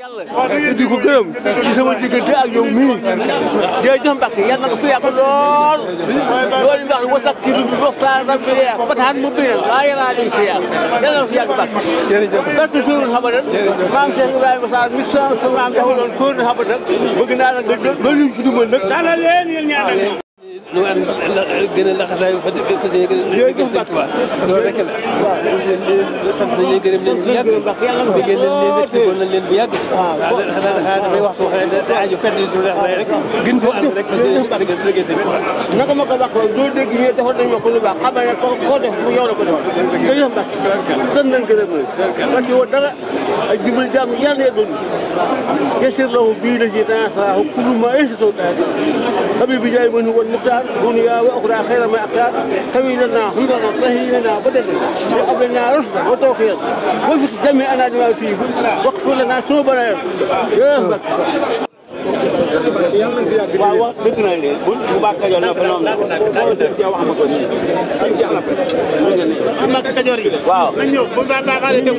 yàlla di ko gërëm ci sama diggante ak yow mii jërëjëf Mbacke yàlla na ko fi yàgg lool loolu wax wasak ci bi waxtaan ram bi yaa pataan mu bi laa yaraa li fi yàgg yàlla na ko fi yàgg Mbacke jërëjëf barke suuru xabadan maam Cheikh Ibrahima Sarr mi sama maam taxawaloon kóor na xabadan bëgg naa la nga doon lu ñu ci dugal nag tànnal leen yéen ñaar nu am gën a laxasaay fa fas yéene gën a Tuubaa loolu rek la sant nañ leen gërëm leen bu yàgg diggéen nañ leen wéttigoon nañ leen bu yàgg xanaa xanaa dafay waxtu wax ne aajo fedd yi suñu laxasaay rek gën koo ànd rek fas yéene liggéey sëñ Tuubaa naka ma ko wax doo dégg ñu defal nañ ma ko lu baax xam nga ko ko def yow la ko defal sant nañ gërëm leen الجمل دام يان يدون يسر له بين جنافه كل ما يسر حبيبي جاي من هو المختار دنيا واخرى خير ما اختار سوي لنا حمدا وطهي لنا بدلا وقبلنا رشدا وتوفيق وفق جميع انا لما فيه واغفر لنا سوبنا يا اخوك waaw waaw dëgg na leen bu bu baax kajoor na fa noonu la boo sëñ Thia wax ma ko nii sëñ Thia la fa xam nga kajoor yi waaw na ñëw bu baax baaxaale dem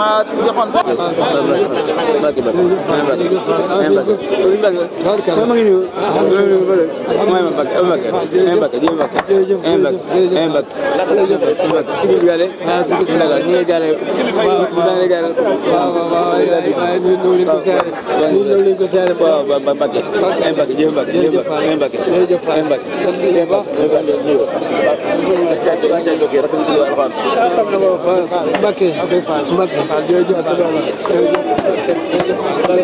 ma joxoon sax. Mbacke Mbacke waaw jërëjëf ak sa doom la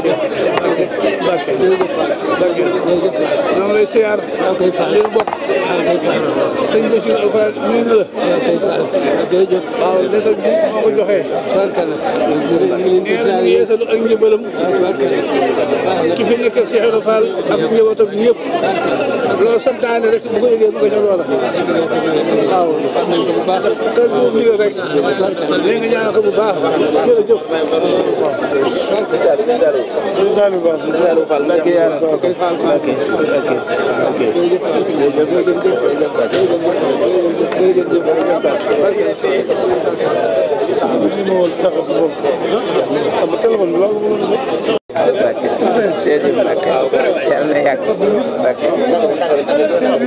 jërëjëf barke barke barke barke ñoo ngi lay siyaar léegi bokk sëñ Bachir Alfayda nuyu na la jërëjëf waaw neta bi moo ko joxee nee na ñu yeesalu ak njëbalam ki fi nekk Cheikh Ibra Fall ak njabootam ñëpp loolu santaane rek bu ko yëgee ma ko ca loola waaw te duum ndigal rek nee nga ñaanal ko bu baax jërëjëf waaw ok ok ok jërëjëf jërëjëf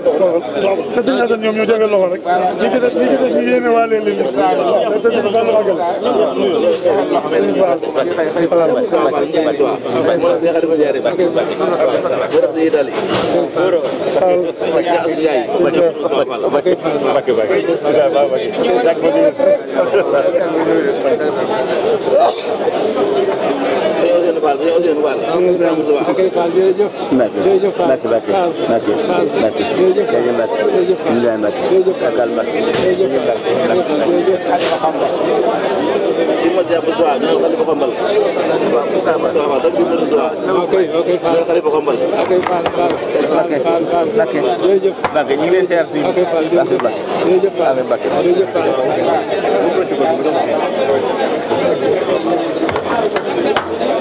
te suñu asan ñoom ñoo jàngal loxo rek ñi ci des ñi ci des ñu yéene waa leen leen te suñu bàll wagal Thank you. Fall Ousseynou Fall. jërëjëf Mbacke Mbacke Mbacke Mbacke Mbacke jërëjëf Mbacke jërëjëf Mbacke jërëjëf Sakal Mbacke jërëjëf Mbacke jërëjëf Xalifa Xambal di ma jàpp Sowa ñu ne Xalifa Xambal Sowa dañ ci mën Sowa ok ok Fall Xalifa Xambal ok Fall Fall Mbacke Mbacke jërëjëf Mbacke ñu ngi leen teer fii ok Fall jërëjëf Mbacke jërëjëf Fall Mbacke jërëjëf Fall bu ko ci ko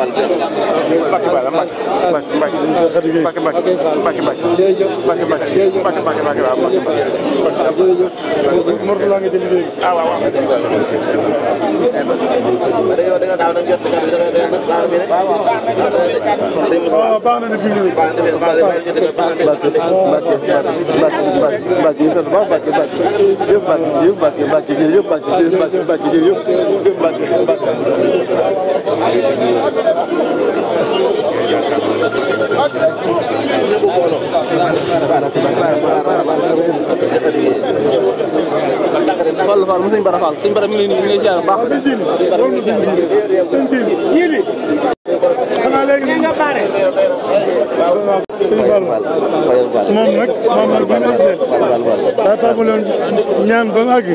Fall Mbacke Balla Mbacke Mbacke Mbacke Mbacke Mbacke Mbacke Mbacke Mbacke Mbacke Mbacke Mourtala nga jël léegi ah waaw waaw da nga daaw da nga jot da nga da nga baax bi rek waaw baax na fi ñu baax na baax na Mbacke Mbacke Mbacke Mbacke Mbacke Fall Fall mu sëñ Bara Fall sëñ Bara mi ngi lay mi ngi lay ziar bu baax sëñ Bara mi ngi lay ziar bu baax Fayal Fall Fayal Fall a nag moom nag bi mu agsee daa tàmbaloon ñaan ba mu àgg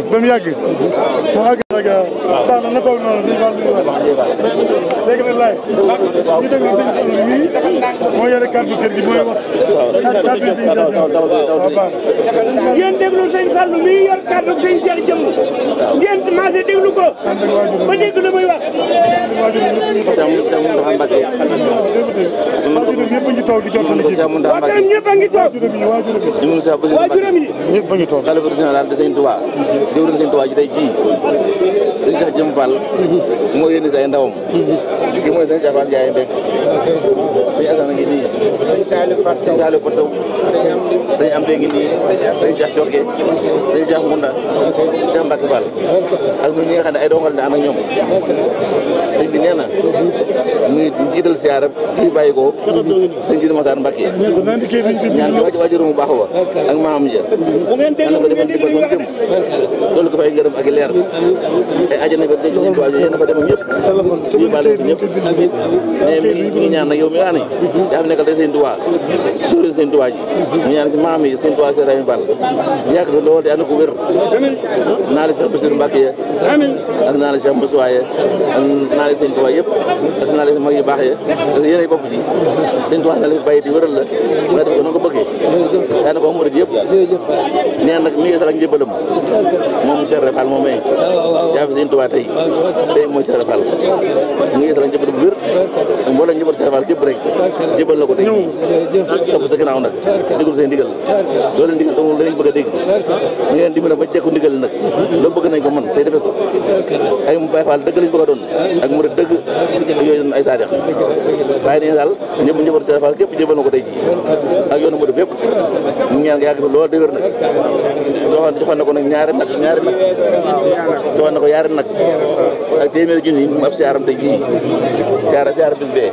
ba na nëppal noonu suñu Fall bi moo yore kàddu kër gi mooy wax kàddu sëñ Cheikh yéen déglu sëñ Fall mii yor ko ngi toog waajuram yi waajuram yi ñëpp a ngi toog xalifa général de Sëñ Touba jëwriñ Sëñ Touba ji tey jii sëñ Cheikh Jëm Fall moo yónni say ndawam kii mooy sëñ Cheikh Fall Ndiaye Ndek sëñ Asana ngi nii sëñ Saliou Fat sëñ yi Fat Sow sëñ Amdi ngi nii sëñ ak ñun ñi nga xam ne ay dongal ne ànd ak ñoom sëñ bi nee na ñu jiital siyaara kii bàyyi ko sëñ Sidi Makhtar Mbacke ñaan ko waaj waajuram bu baax wa ak maam ja ko defal di ko jëm loolu ko fay ngërëm ak leer àjjana ba déglu Sëñ Tuubaa yooyu dafa dem ak ñëpp ñu baal ñëpp mais mi ngi mi ngi ñaan nag yow mi nga xam ne yaa fi nekkal day Sëñ Tuubaa jóori Sëñ Tuubaa ji mu ñaan si maam yi Sëñ Tuubaa si Rahim Fall yàgg fi loolu te ànd ko wér naa la Cheikh Bassir Mbacke ya ak naa la Cheikh Moussa ya ak naa la Sëñ Tuubaa yëpp ak naa la si mag yu baax ya parce que yéen ay bopp ji Sëñ Tuubaa na la fi bàyyi di wéral la nga def ko na nga ko bëggee daana ko amurit yëpp neen nag mi ngi salak njëbalam moom Cheikh Fall moom yaa fi Tuubaa tey tey mooy Cheikh Fall mu ngi sala njëbal bu wér mboolem njëbal Cheikh Fall képp rek jëbal la ko tey topp sa ginnaaw nag déglu seen ndigal loolu ndigal amul leneen a dégg ñu leen dimbale ba jekku ndigal nag loo bëgg nañ ko man tey defe ko ay Baay Fall dëgg lañ bëgg a doon ak murid dëgg yooyu ko tey ji ak yoonu murid yëpp ñu ñaan nga yàgg loolu dëgër nag joxoon joxoon na ko nag ñaari nag ñaari nag joxoon na ko ñaari nag ak téeméeri junni mu ab te ji siyaara siyaara bis bee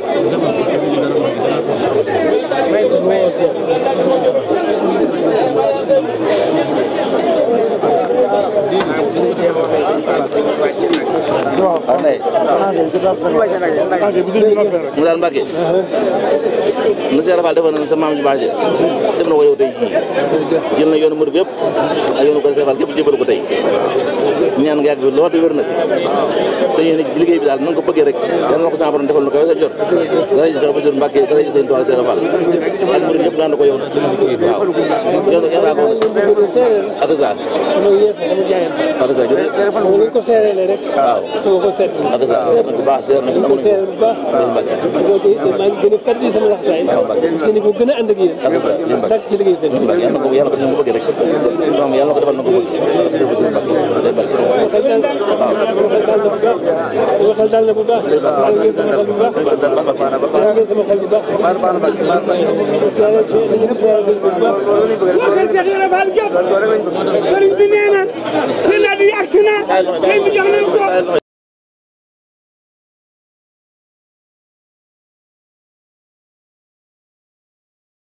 na seen rafal defal na sa maam ji baaxee def na ko yow tey na yoonu murid yëpp ak yoonu ko rafal yëpp jébal ko tey ñaan nga yàgg lool te wér nag sa yéene ci liggéey bi daal nanga ko bëggee rek yàlla na ko sa borom defal lu kawe sa jot dara ji Cheikh Bassirou Mbacké dara ji sëñ Touba Serigne Fall ak murid ñëpp naan ko yow nag waaw yow nag yàlla ko nag akasa akasa jërëjëf ko seeree rek waaw sama ko seet akasa seet nag bu baax seet nag ko seet bu baax maa ngi gën a fàttali sama laxasaay seen ko gën a ànd ak bëggee rek sama yàlla na ko defal na ko bëgg xel dal sama xel dal na bu baax yaa ngeen sama xel bu baax yaa ngeen sama xel bu baax waa kër Cheikh Ibra Fall Diop sëriñ bi nee na seen at yi agsi na sëriñ bi jox nañu ko